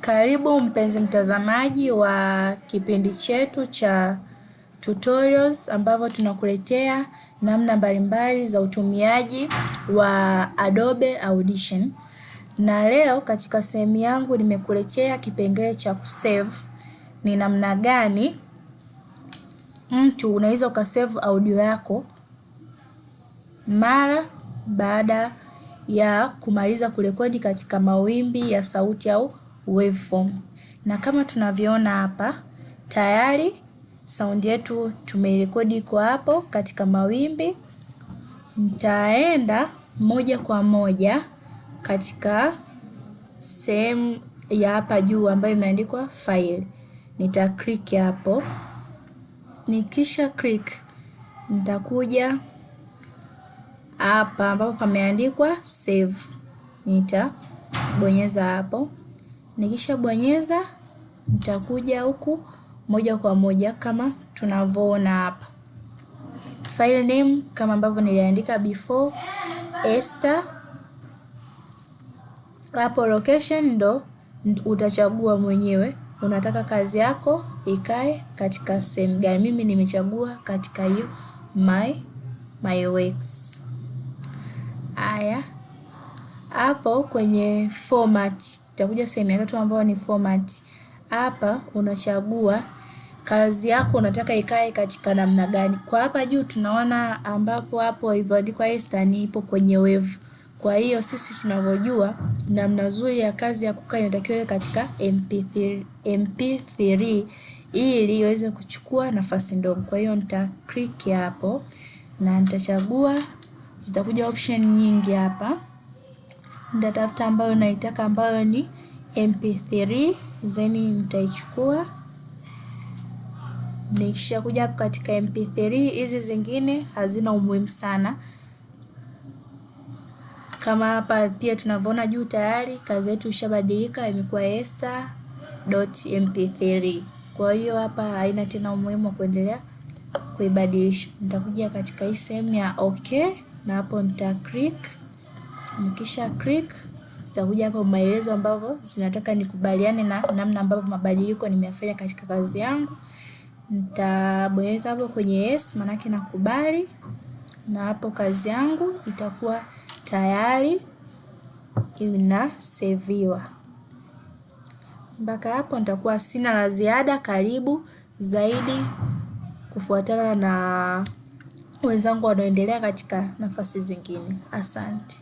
Karibu mpenzi mtazamaji wa kipindi chetu cha tutorials ambavyo tunakuletea namna mbalimbali za utumiaji wa Adobe Audition. Na leo katika sehemu yangu nimekuletea kipengele cha kusave. Ni namna gani mtu unaweza ukasave audio yako mara baada ya kumaliza kurekodi katika mawimbi ya sauti au waveform. Na kama tunavyoona hapa tayari saundi yetu tumeirekodi iko hapo katika mawimbi. Nitaenda moja kwa moja katika sehemu ya hapa juu ambayo imeandikwa file. Nita click hapo, nikisha click nitakuja hapa ambapo pameandikwa save, nitabonyeza hapo. Nikishabonyeza nitakuja huku moja kwa moja kama tunavyoona hapa. File name kama ambavyo niliandika before Esther. Hapo location ndo utachagua mwenyewe unataka kazi yako ikae katika sehemu gani. Mimi nimechagua katika hiyo my my works. Haya, hapo kwenye format tutakuja sehemu ya tatu ambayo ni format. Hapa unachagua kazi yako unataka ikae katika namna gani. Kwa hapa juu tunaona ambapo hapo ilivyoandikwa Esther ni ipo kwenye wave. Kwa hiyo sisi tunavyojua namna nzuri ya kazi ya kukaa inatakiwa iwe katika MP3, MP3 ili iweze kuchukua nafasi ndogo. Kwa hiyo nita click hapo na nitachagua, zitakuja option nyingi hapa nitatafuta ambayo naitaka ambayo ni mp3 then nitaichukua nikisha kuja hapo katika mp3 hizi zingine hazina umuhimu sana kama hapa pia tunavyoona juu tayari kazi yetu ishabadilika imekuwa esta.mp3 kwa hiyo hapa haina tena umuhimu wa kuendelea kuibadilisha nitakuja katika hii sehemu ya okay na hapo nita click nikisha click zitakuja hapo maelezo ambavyo zinataka nikubaliane na namna ambavyo mabadiliko nimeyafanya katika kazi yangu. Nitabonyeza hapo kwenye yes, maanake nakubali, na hapo kazi yangu itakuwa tayari inaseviwa. Mpaka hapo nitakuwa sina la ziada. Karibu zaidi kufuatana na wenzangu wanaoendelea katika nafasi zingine. Asante.